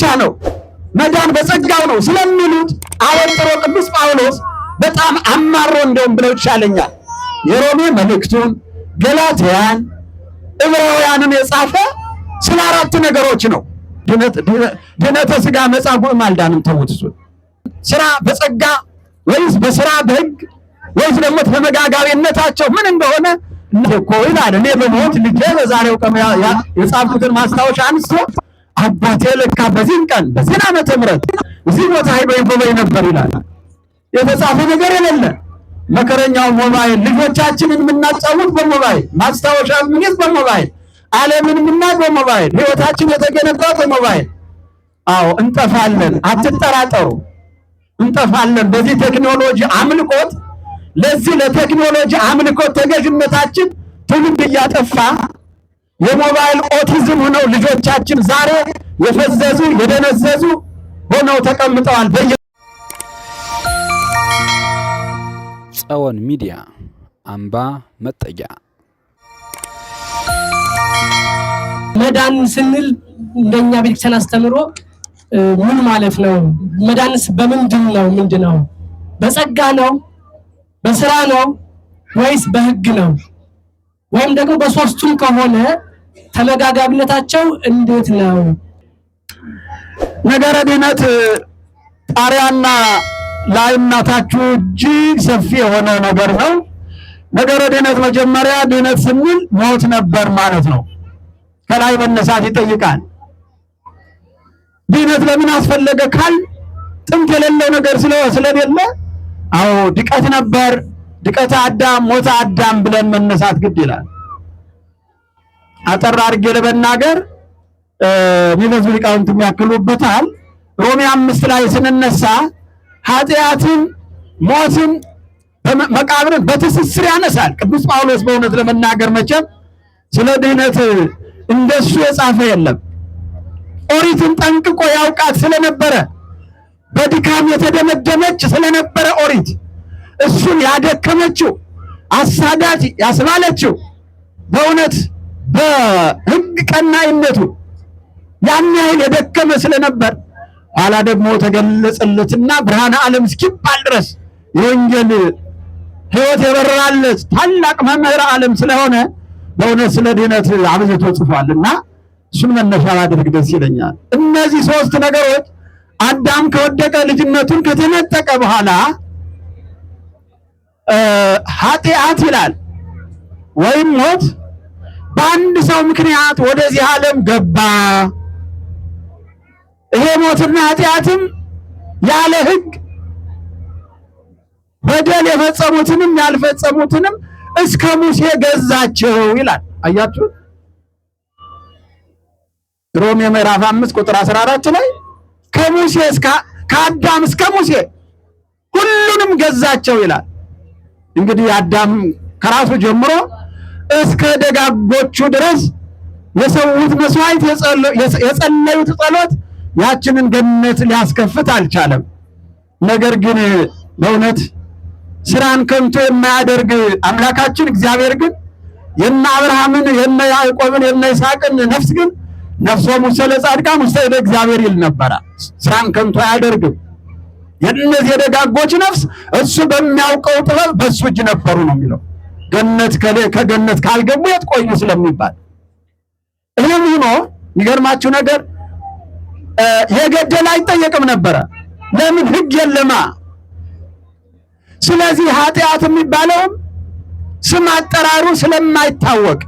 ብቻ ነው፣ መዳን በጸጋው ነው ስለሚሉት አወጥሮ ቅዱስ ጳውሎስ በጣም አማሮ እንደውም ብለው ይቻለኛል የሮሜ መልእክቱን፣ ገላትያን፣ ዕብራውያንን የጻፈ ስለ አራት ነገሮች ነው። ድነተ ስጋ መጻጉዕም ማልዳንም ተዉት። እሱን ስራ በጸጋ ወይስ በስራ በህግ ወይስ ደግሞ ተመጋጋቢነታቸው ምን እንደሆነ እኮ ይላል። እኔ በሞት ልጄ በዛሬው ቀን የጻፍኩትን ማስታወሻ አንስቶ አባቴ ለካ በዚህን ቀን በዚህን ዓመተ ምሕረት እዚህ ቦታ ሀይበይ ጎበይ ነበር ይላል። የተጻፈ ነገር የሌለ መከረኛው ሞባይል ልጆቻችንን የምናጫውት በሞባይል ማስታወሻ ምንይዝ በሞባይል ዓለምን የምናውቅ በሞባይል ህይወታችን የተገነባ በሞባይል አዎ እንጠፋለን፣ አትጠራጠሩ። እንጠፋለን በዚህ ቴክኖሎጂ አምልኮት። ለዚህ ለቴክኖሎጂ አምልኮት ተገዥነታችን ትውልድ እያጠፋ የሞባይል ኦቲዝም ሆነው ልጆቻችን ዛሬ የፈዘዙ የደነዘዙ ሆነው ተቀምጠዋል። ጸወን ሚዲያ አምባ መጠጊያ መዳን ስንል እንደኛ ቤተክርስቲያን አስተምሮ ምን ማለት ነው? መዳንስ በምንድን ነው? ምንድን ነው? በጸጋ ነው? በስራ ነው? ወይስ በህግ ነው? ወይም ደግሞ በሶስቱም ከሆነ ተመጋጋቢነታቸው እንዴት ነው? ነገረ ድህነት ጣሪያና ላይናታችሁ እጅ እጅግ ሰፊ የሆነ ነገር ነው። ነገረ ድህነት መጀመሪያ ድህነት ስንል ሞት ነበር ማለት ነው። ከላይ መነሳት ይጠይቃል። ድህነት ለምን አስፈለገ ካል ጥንት የሌለው ነገር ስለሌለ፣ አዎ ድቀት ነበር። ድቀት አዳም ሞተ አዳም ብለን መነሳት ግድ ይላል። አጠር አድርጌ ለመናገር የሚበዙ ሊቃውንት የሚያክሉበታል። ሮሜ አምስት ላይ ስንነሳ ኃጢአትን፣ ሞትን፣ መቃብርን በትስስር ያነሳል። ቅዱስ ጳውሎስ በእውነት ለመናገር መቼም ስለ ድህነት እንደሱ የጻፈ የለም። ኦሪትን ጠንቅቆ ያውቃት ስለነበረ በድካም የተደመደመች ስለነበረ ኦሪት እሱን ያደከመችው አሳዳጅ ያስባለችው በእውነት በህግ ቀናይነቱ ያን ያህል የደከመ ስለነበር ኋላ ደግሞ ተገለጸለትና ብርሃነ ዓለም እስኪባል ድረስ የወንጌል ህይወት የበራለት ታላቅ መምህር ዓለም ስለሆነ በእውነት ስለ ድህነት አብዝቶ ጽፏል እና እሱን መነሻ ባድርግ ደስ ይለኛል። እነዚህ ሶስት ነገሮች አዳም ከወደቀ ልጅነቱን ከተነጠቀ በኋላ ኃጢአት ይላል ወይም ሞት በአንድ ሰው ምክንያት ወደዚህ ዓለም ገባ። ይሄ ሞትና ኃጢአትም ያለ ሕግ በደል የፈጸሙትንም ያልፈጸሙትንም እስከ ሙሴ ገዛቸው ይላል። አያችሁ ሮሜ ምዕራፍ አምስት ቁጥር 14 ላይ ከሙሴ እስከ ከአዳም እስከ ሙሴ ሁሉንም ገዛቸው ይላል። እንግዲህ አዳም ከራሱ ጀምሮ እስከ ደጋጎቹ ድረስ የሰውት መስዋዕት የጸለዩት ጸሎት ያችንን ገነት ሊያስከፍት አልቻለም። ነገር ግን በእውነት ስራን ከንቱ የማያደርግ አምላካችን እግዚአብሔር ግን የነ አብርሃምን የነ ያዕቆብን የነ ይስሐቅን ነፍስ ግን ነፍሶ ውስተ ለጻድቃን ውስተ እግዚአብሔር ይል ነበረ። ስራን ከንቱ አያደርግም። የእነዚህ የደጋጎች ነፍስ እሱ በሚያውቀው ጥበብ በእሱ እጅ ነበሩ ነው የሚለው ገነት ከገነት ካልገቡ የት ቆዩ ስለሚባል ይህም ሆኖ የሚገርማችሁ ነገር የገደለ አይጠየቅም ነበረ። ለምን ህግ የለማ። ስለዚህ ኃጢአት የሚባለውም ስም አጠራሩ ስለማይታወቅ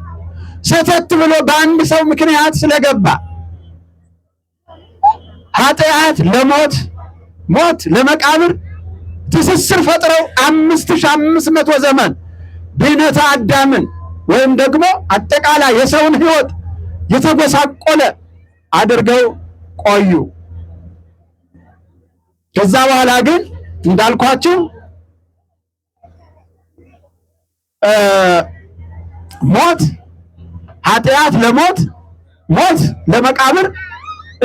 ሰተት ብሎ በአንድ ሰው ምክንያት ስለገባ ኃጢአት ለሞት ሞት ለመቃብር ትስስር ፈጥረው አምስት ሺህ አምስት መቶ ዘመን ድህነተ አዳምን ወይም ደግሞ አጠቃላይ የሰውን ህይወት የተጎሳቆለ አድርገው ቆዩ። ከዛ በኋላ ግን እንዳልኳችሁ ሞት፣ ኃጢአት ለሞት ሞት ለመቃብር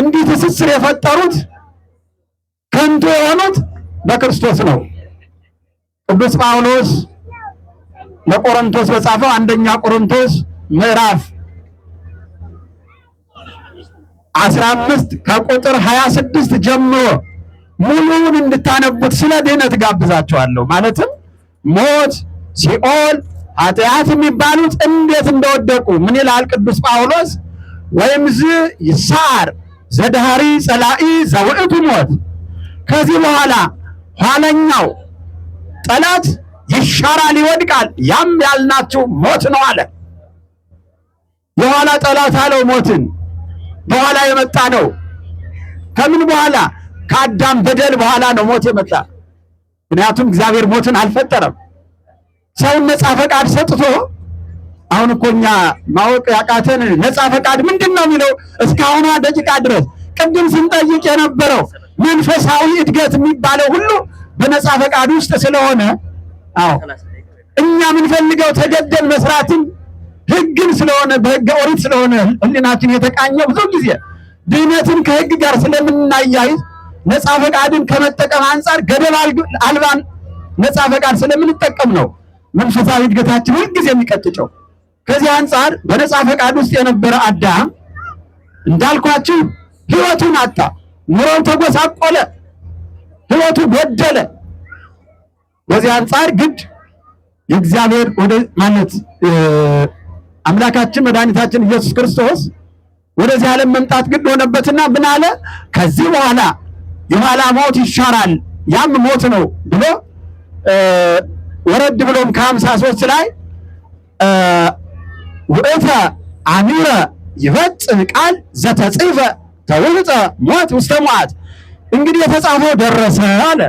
እንዲህ ትስስር የፈጠሩት ከንቱ የሆኑት በክርስቶስ ነው። ቅዱስ ጳውሎስ ለቆሮንቶስ በጻፈው አንደኛ ቆሮንቶስ ምዕራፍ 15 ከቁጥር 26 ጀምሮ ሙሉውን እንድታነቡት ስለ ድህነት ጋብዛቸዋለሁ። ማለትም ሞት፣ ሲኦል፣ ኃጢአት የሚባሉት እንዴት እንደወደቁ ምን ይላል ቅዱስ ጳውሎስ? ወይም ዝ ይሳር ዘዳሃሪ ጸላኢ ዘውዕቱ ሞት ከዚህ በኋላ ኋለኛው ጠላት ይሻራል፣ ይወድቃል። ያም ያልናችሁ ሞት ነው አለ። የኋላ ጠላት አለው ሞትን። በኋላ የመጣ ነው። ከምን በኋላ? ከአዳም በደል በኋላ ነው ሞት የመጣ። ምክንያቱም እግዚአብሔር ሞትን አልፈጠረም። ሰውን ነፃ ፈቃድ ሰጥቶ አሁን እኮ እኛ ማወቅ ያቃተን ነፃ ፈቃድ ምንድን ነው የሚለው እስካሁኗ ደቂቃ ድረስ ቅድም ስንጠይቅ የነበረው መንፈሳዊ እድገት የሚባለው ሁሉ በነፃ ፈቃድ ውስጥ ስለሆነ አዎ እኛ የምንፈልገው ተገደን መስራትን ህግን ስለሆነ በህገ ኦሪት ስለሆነ ህሊናችን የተቃኘው ብዙ ጊዜ ድህነትን ከህግ ጋር ስለምናያይዝ ነፃ ፈቃድን ከመጠቀም አንጻር ገደብ አልባን ነፃ ፈቃድ ስለምንጠቀም ነው መንፈሳዊ እድገታችን ሁልጊዜ የሚቀጥጨው። ከዚህ አንጻር በነፃ ፈቃድ ውስጥ የነበረ አዳም እንዳልኳችሁ ህይወቱን አጣ፣ ኑሮን ተጎሳቆለ፣ ህይወቱ ጎደለ። በዚህ አንጻር ግድ የእግዚአብሔር ወደ ማለት አምላካችን መድኃኒታችን ኢየሱስ ክርስቶስ ወደዚህ ዓለም መምጣት ግድ ሆነበትና ምን አለ? ከዚህ በኋላ የኋላ ሞት ይሻራል ያም ሞት ነው ብሎ ወረድ ብሎም ከሀምሳ ሶስት ላይ ውእተ አሚረ ይፈጽም ቃል ዘተጽፈ ሞት ውስተ እንግዲህ የተጻፈው ደረሰ አለ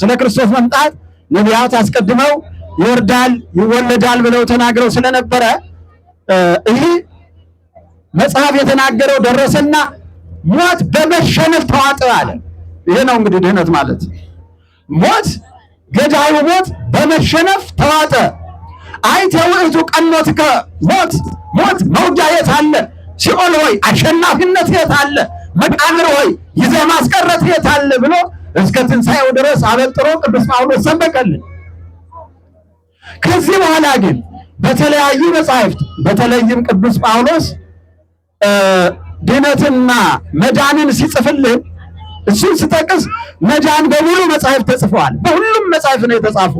ስለ ክርስቶስ መምጣት ነቢያት አስቀድመው ይወርዳል ይወለዳል ብለው ተናግረው ስለነበረ ይህ መጽሐፍ የተናገረው ደረሰና ሞት በመሸነፍ ተዋጠ አለ። ይሄ ነው እንግዲህ ድህነት ማለት ሞት ገዳዩ ሞት በመሸነፍ ተዋጠ። አይተ ውእቱ ቀኖትከ ሞት ሞት መውጃ የት አለ? ሲኦል ሆይ አሸናፊነት የት አለ? መቃብር ሆይ ይዘ ማስቀረት የት አለ ብሎ እስከ ትንሣኤው ድረስ አበጥሮ ቅዱስ ጳውሎስ ሰበቀልን። ከዚህ በኋላ ግን በተለያዩ መጻሕፍት በተለይም ቅዱስ ጳውሎስ ድነትና መዳንን ሲጽፍልን እሱን ስጠቅስ መዳን በሙሉ መጻሕፍት ተጽፈዋል። በሁሉም መጻሕፍት ነው የተጻፉ።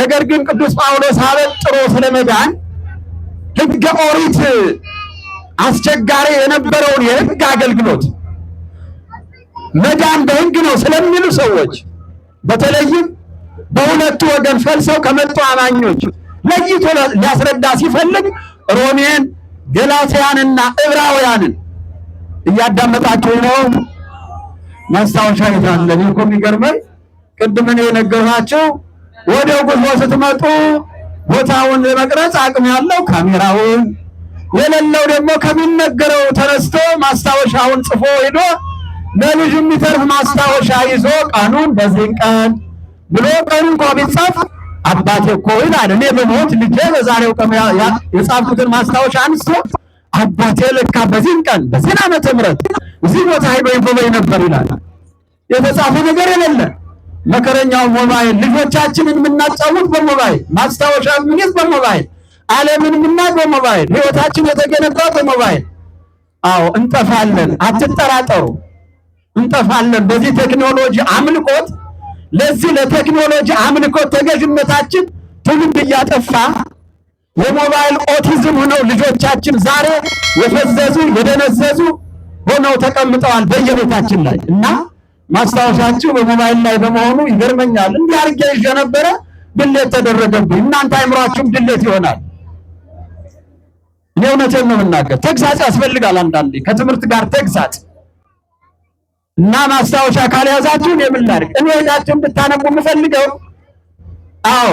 ነገር ግን ቅዱስ ጳውሎስ አበጥሮ ስለ መዳን ሕገ ኦሪት አስቸጋሪ የነበረውን የሕግ አገልግሎት መዳን በሕግ ነው ስለሚሉ ሰዎች በተለይም በሁለቱ ወገን ፈልሰው ከመጡ አማኞች ለይቶ ሊያስረዳ ሲፈልግ ሮሜን፣ ገላትያንና ዕብራውያንን እያዳመጣችሁ ነው። ማስታወሻ ይዛለ እኮ የሚገርመኝ ቅድም የነገርኋቸው ወደ ጉዞ ስትመጡ ቦታውን ለመቅረጽ አቅም ያለው ካሜራውን የሌለው ደግሞ ከሚነገረው ተነስቶ ማስታወሻውን ጽፎ ሄዶ ለልጁ የሚተርፍ ማስታወሻ ይዞ ቀኑን በዚህን ቀን ብሎ ቀኑ እንኳ ቢጻፍ አባቴ እኮ ይላል። እኔ በሞት ልጄ በዛሬው ቀን የጻፍኩትን ማስታወሻ አንስቶ አባቴ ለካ በዚህን ቀን በዚህን ዓመተ ምህረት እዚህ ቦታ ሄዶ ይጎበኝ ነበር ይላል። የተጻፈ ነገር የሌለ መከረኛው ሞባይል፣ ልጆቻችንን የምናጫውት በሞባይል ማስታወሻ ምንስ በሞባይል ዓለምን የምናቅ በሞባይል ህይወታችን የተገነባ በሞባይል አዎ እንጠፋለን፣ አትጠራጠሩ። እንጠፋለን። በዚህ ቴክኖሎጂ አምልኮት ለዚህ ለቴክኖሎጂ አምልኮት ተገዥነታችን ትውልድ እያጠፋ የሞባይል ኦቲዝም ሆነው ልጆቻችን ዛሬ የፈዘዙ የደነዘዙ ሆነው ተቀምጠዋል በየቤታችን ላይ እና ማስታወሻችሁ በሞባይል ላይ በመሆኑ ይገርመኛል። እንዲህ አድርጌ ይዤ ነበረ ድሌት ተደረገብኝ። እናንተ አይምሯችሁም ድሌት ይሆናል። እኔ እውነቴን ነው የምናገር። ተግሳጽ ያስፈልጋል። አንዳንዴ ከትምህርት ጋር ተግሳጽ እና ማስታወሻ ካልያዛችሁ እኔ ምን ላድርግ? እኔ ሄዳችሁ እንድታነቡ የምፈልገው አዎ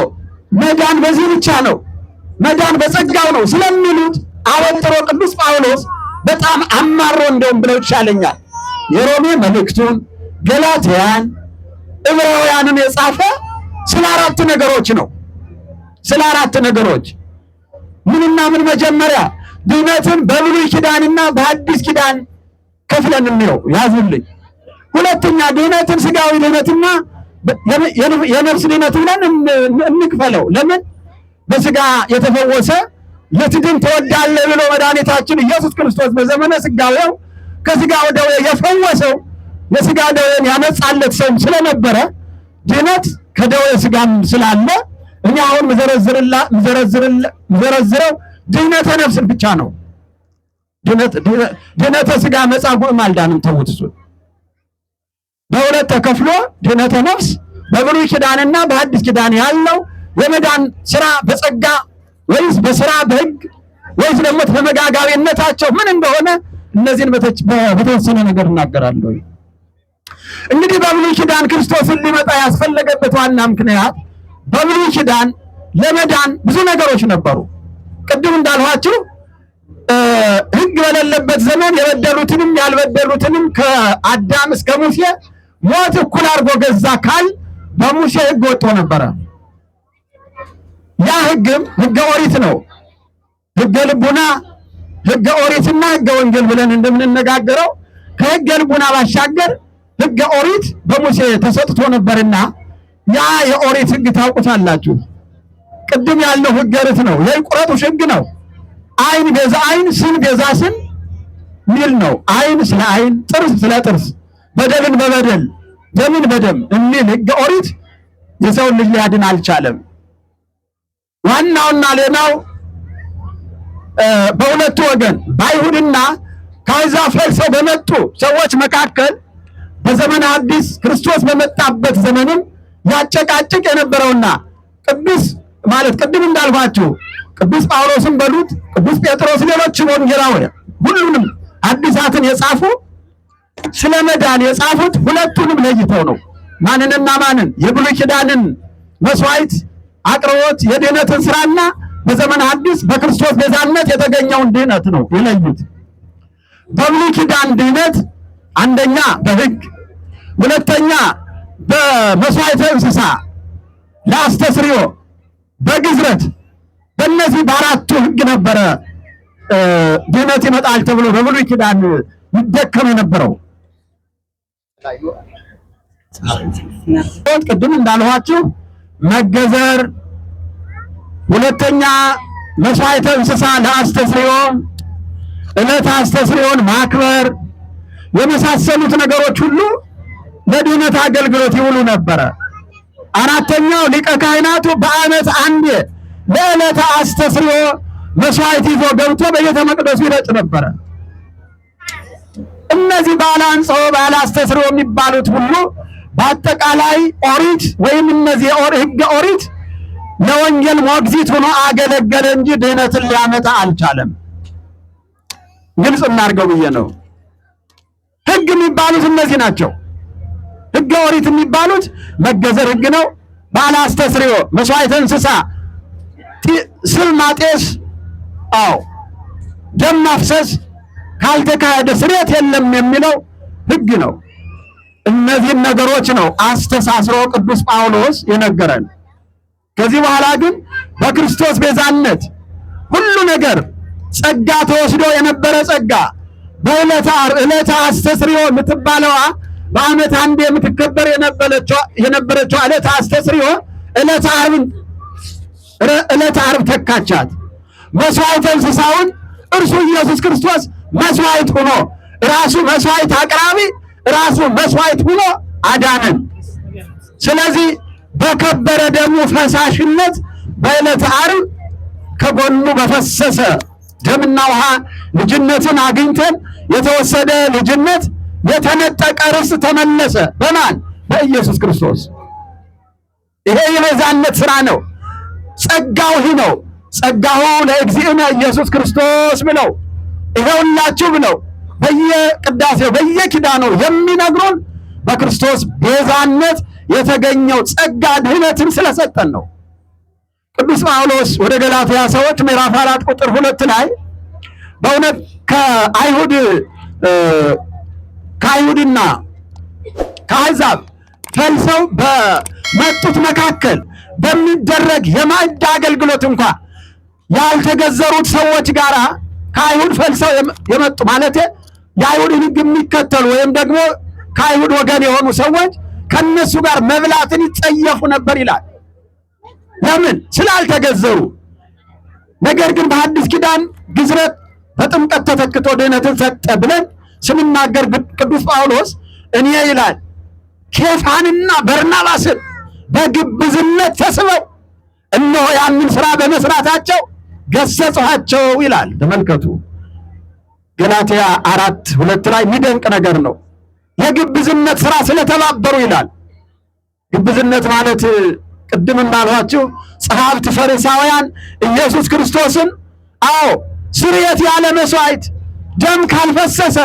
መዳን በዚህ ብቻ ነው፣ መዳን በጸጋው ነው ስለሚሉት አወጥሮ ቅዱስ ጳውሎስ በጣም አማሮ እንደውም ብለው ይሻለኛል የሮሜ መልእክቱን፣ ገላትያን፣ ዕብራውያንን የጻፈ ስለ አራት ነገሮች ነው። ስለ አራት ነገሮች ምንና ምን? መጀመሪያ ድነትን በብሉይ ኪዳንና በአዲስ ኪዳን ከፍለን የሚለው ያዙልኝ ሁለተኛ ድህነትን ስጋዊ ድህነትና የነፍስ ድህነት ብለን እንክፈለው። ለምን በስጋ የተፈወሰ ልትድን ትወዳለህ ብሎ መድኃኒታችን ኢየሱስ ክርስቶስ በዘመነ ስጋዊው ከስጋ ደዌ የፈወሰው የስጋ ደዌን ያነጻለት ሰውም ስለነበረ ድህነት ከደዌ ስጋም ስላለ እኛ አሁን ምዘረዝረው ድህነተ ነፍስን ብቻ ነው። ድህነተ ስጋ መጻጉዕ አልዳንም። ተውት እሱን በሁለት ተከፍሎ ድህነተ ነፍስ በብሉይ ኪዳንና በአዲስ ኪዳን ያለው የመዳን ስራ በጸጋ ወይስ በስራ በህግ ወይስ ደግሞ ተመጋጋቢነታቸው ምን እንደሆነ እነዚህን በተወሰነ ነገር እናገራለሁ። እንግዲህ በብሉይ ኪዳን ክርስቶስን ሊመጣ ያስፈለገበት ዋና ምክንያት በብሉይ ኪዳን ለመዳን ብዙ ነገሮች ነበሩ። ቅድም እንዳልኋችሁ ህግ በሌለበት ዘመን የበደሉትንም ያልበደሉትንም ከአዳም እስከ ሙሴ ሞት እኩል አድርጎ ገዛ ካል በሙሴ ህግ ወጥቶ ነበረ። ያ ህግም ህገ ኦሪት ነው። ህገ ልቡና፣ ህገ ኦሪትና ህገ ወንጌል ብለን እንደምንነጋገረው ከህገ ልቡና ባሻገር ህገ ኦሪት በሙሴ ተሰጥቶ ነበርና ያ የኦሪት ህግ ታውቁታላችሁ። ቅድም ያለው ህገ ርት ነው። የይቁረጡሽ ህግ ነው። አይን ገዛ አይን፣ ስን ገዛ ስን ሚል ነው። አይን ስለ አይን፣ ጥርስ ስለ ጥርስ፣ በደልን በበደል ደምን በደም የሚል ሕገ ኦሪት የሰውን ልጅ ሊያድን አልቻለም። ዋናውና ሌላው በሁለቱ ወገን በአይሁድና ከአሕዛብ ፈልሰው በመጡ ሰዎች መካከል በዘመነ አዲስ ክርስቶስ በመጣበት ዘመንም ያጨቃጭቅ የነበረውና ቅዱስ ማለት ቅድም እንዳልኳችሁ ቅዱስ ጳውሎስን በሉት ቅዱስ ጴጥሮስ፣ ሌሎችም ወንጌላውያን ሁሉንም አዲሳትን የጻፉ ስለ መዳን የጻፉት ሁለቱንም ለይተው ነው። ማንንና ማንን? የብሉይ ኪዳንን መስዋዕት አቅርቦት የድህነትን ስራና በዘመን አዲስ በክርስቶስ ቤዛነት የተገኘውን ድህነት ነው የለዩት። በብሉይ ኪዳን ድህነት አንደኛ በህግ ሁለተኛ በመስዋዕተ እንስሳ ለአስተስርዮ በግዝረት በእነዚህ በአራቱ ህግ ነበረ ድህነት ይመጣል ተብሎ በብሉይ ኪዳን ይደከም የነበረው። ቅድም እንዳልኋችሁ መገዘር፣ ሁለተኛ መስዋዕተ እንስሳ ለአስተስርዮ ዕለት አስተስርዮን ማክበር የመሳሰሉት ነገሮች ሁሉ ለድህነት አገልግሎት ይውሉ ነበረ። አራተኛው ሊቀ ካህናቱ በዓመት አንዴ ለዕለተ አስተስርዮ መስዋዕት ይዞ ገብቶ በቤተ መቅደሱ ይረጭ ነበረ። እነዚህ ባለ አንጽሖ ባለ አስተስርዮ የሚባሉት ሁሉ በአጠቃላይ ኦሪት ወይም እነዚህ ህገ ኦሪት ለወንጌል ሞግዚት ሆኖ አገለገለ እንጂ ድህነትን ሊያመጣ አልቻለም። ግልጽ እናድርገው ብዬ ነው። ህግ የሚባሉት እነዚህ ናቸው። ህገ ኦሪት የሚባሉት መገዘር ህግ ነው። ባለ አስተስርዮ መስዋዕተ እንስሳ፣ ስብ ማጤስ፣ አዎ ደም ማፍሰስ ካልተካሄደ ስሬት የለም የሚለው ህግ ነው። እነዚህን ነገሮች ነው አስተሳስሮ ቅዱስ ጳውሎስ የነገረን። ከዚህ በኋላ ግን በክርስቶስ ቤዛነት ሁሉ ነገር ጸጋ ተወስዶ የነበረ ጸጋ በዕለተ ዓርብ ዕለተ አስተስሪዮ የምትባለዋ በዓመት አንዴ የምትከበር የነበረችው ዕለተ አስተስሪዮ ዕለተ አርብ ዕለተ ዓርብ ተካቻት። መስዋዕተ እንስሳውን እርሱ ኢየሱስ ክርስቶስ መስዋዕት ሆኖ ራሱ መስዋዕት አቅራቢ ራሱ መስዋዕት ሆኖ አዳነን። ስለዚህ በከበረ ደሙ ፈሳሽነት በዕለተ ዓርብ ከጎኑ በፈሰሰ ደምና ውሃ ልጅነትን አግኝተን የተወሰደ ልጅነት የተነጠቀ ርስት ተመለሰ። በማን በኢየሱስ ክርስቶስ። ይሄ የቤዛነት ስራ ነው። ጸጋው ይህ ነው። ጸጋሁ ለእግዚእነ ኢየሱስ ክርስቶስ ብለው ይኸውላችሁ ብለው በየቅዳሴው በየኪዳኑ የሚነግሩን በክርስቶስ ቤዛነት የተገኘው ጸጋ ድህነትን ስለሰጠን ነው። ቅዱስ ጳውሎስ ወደ ገላትያ ሰዎች ምዕራፍ አራት ቁጥር ሁለት ላይ በእውነት ከአይሁድ ከአይሁድና ከአሕዛብ ፈልሰው በመጡት መካከል በሚደረግ የማዕድ አገልግሎት እንኳ ያልተገዘሩት ሰዎች ጋር ከአይሁድ ፈልሰው የመጡ ማለት የአይሁድን ሕግ የሚከተሉ ወይም ደግሞ ከአይሁድ ወገን የሆኑ ሰዎች ከነሱ ጋር መብላትን ይጸየፉ ነበር ይላል። ለምን? ስላልተገዘሩ። ነገር ግን በአዲስ ኪዳን ግዝረት በጥምቀት ተተክቶ ድህነትን ሰጠ ብለን ስንናገር ቅዱስ ጳውሎስ እኔ ይላል ኬፋንና በርናባስን በግብዝነት ተስበው እነሆ ያንን ስራ በመስራታቸው ገሰጽኋቸው ይላል። ተመልከቱ ገላትያ አራት ሁለት ላይ የሚደንቅ ነገር ነው። የግብዝነት ስራ ስለተባበሩ ይላል። ግብዝነት ማለት ቅድም እንዳልኋችሁ ጸሐፍት ፈሪሳውያን ኢየሱስ ክርስቶስን አዎ ስርየት ያለ መስዋዕት ደም ካልፈሰሰ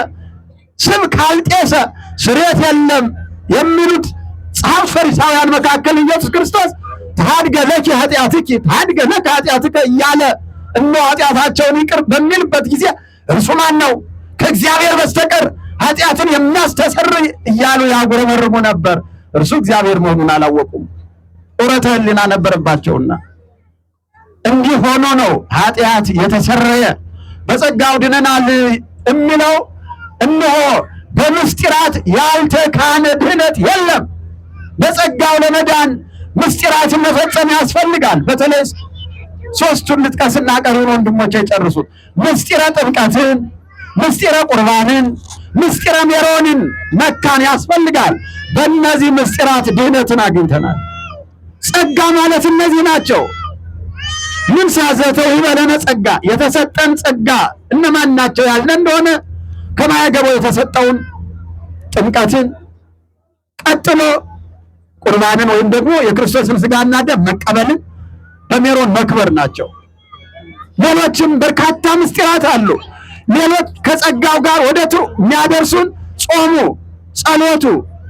ስም ካልጤሰ ስርየት የለም የሚሉት ጸሐፍት ፈሪሳውያን መካከል ኢየሱስ ክርስቶስ ተሃድገ ለኪ ኃጢአትኪ ተሃድገ ለከ ኃጢአትከ እያለ እነ ኃጢአታቸውን ይቅር በሚልበት ጊዜ እርሱ ማን ነው ከእግዚአብሔር በስተቀር ኃጢአትን የሚያስተሰር እያሉ ያጉረመርሙ ነበር። እርሱ እግዚአብሔር መሆኑን አላወቁም። ጡረተ ሕሊና ነበረባቸውና እንዲህ ሆኖ ነው ኃጢአት የተሰረየ በጸጋው ድነናል የሚለው። እነሆ በምስጢራት ያልተካነ ድህነት የለም። በጸጋው ለመዳን ምስጢራትን መፈጸም ያስፈልጋል። በተለይ ሶስቱን ልጥቀስና ቀሩን ወንድሞቼ ጨርሱት። ምስጢረ ጥምቀትን፣ ምስጢረ ቁርባንን፣ ምስጢረ ሜሮንን መካን ያስፈልጋል። በእነዚህ ምስጢራት ድህነትን አግኝተናል። ጸጋ ማለት እነዚህ ናቸው። ምን ሳዘተ ይበለነ ጸጋ የተሰጠን ጸጋ እነማን ናቸው ያልነ እንደሆነ ከማያገበው የተሰጠውን ጥምቀትን ቀጥሎ ቁርባንን ወይም ደግሞ የክርስቶስን ስጋና ደም መቀበልን በሜሮን መክበር ናቸው። ሌሎችም በርካታ ምስጢራት አሉ። ሌሎች ከጸጋው ጋር ወደቱ የሚያደርሱን ጾሙ፣ ጸሎቱ፣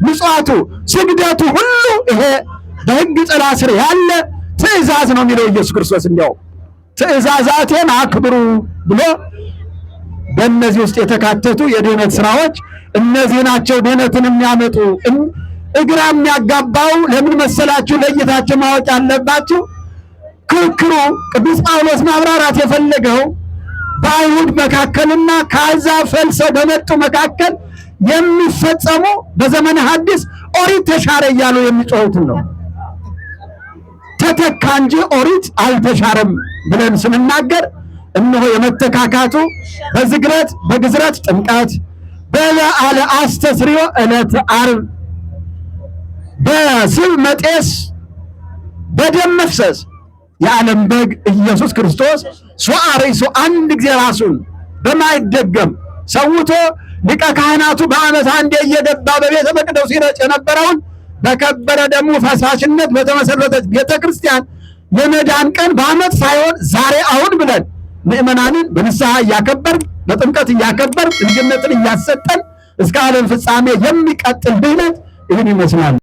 ምጽዋቱ፣ ስግደቱ ሁሉ ይሄ በሕግ ጥላ ስር ያለ ትእዛዝ ነው የሚለው ኢየሱስ ክርስቶስ። እንዲያው ትእዛዛቴን አክብሩ ብሎ በእነዚህ ውስጥ የተካተቱ የድህነት ስራዎች እነዚህ ናቸው። ድህነትን የሚያመጡ እግራ የሚያጋባው ለምን መሰላችሁ? ለይታችሁ ማወቅ ያለባችሁ ክርክሩ ቅዱስ ጳውሎስ ማብራራት የፈለገው በአይሁድ መካከልና ከአሕዛብ ፈልሰው በመጡ መካከል የሚፈጸሙ በዘመነ ሐዲስ ኦሪት ተሻረ እያሉ የሚጮሁትን ነው። ተተካ እንጂ ኦሪት አልተሻረም ብለን ስንናገር እነሆ የመተካካቱ በዝግረት በግዝረት ጥምቀት በበዓለ አስተስርዮ ዕለት ዓርብ በስብ መጤስ በደም መፍሰስ የዓለም በግ ኢየሱስ ክርስቶስ ሶአረይ አንድ ጊዜ ራሱን በማይደገም ሰውቶ ሊቀ ካህናቱ በዓመት አንዴ እየገባ በቤተ መቅደሱ ይረጭ የነበረውን በከበረ ደግሞ ፈሳሽነት በተመሰረተች ቤተ ክርስቲያን የመዳን ቀን በዓመት ሳይሆን ዛሬ አሁን ብለን ምእመናንን በንስሐ እያከበር በጥምቀት እያከበር ልጅነትን እያሰጠን እስከ ዓለም ፍጻሜ የሚቀጥል ድህነት ይህን ይመስላል።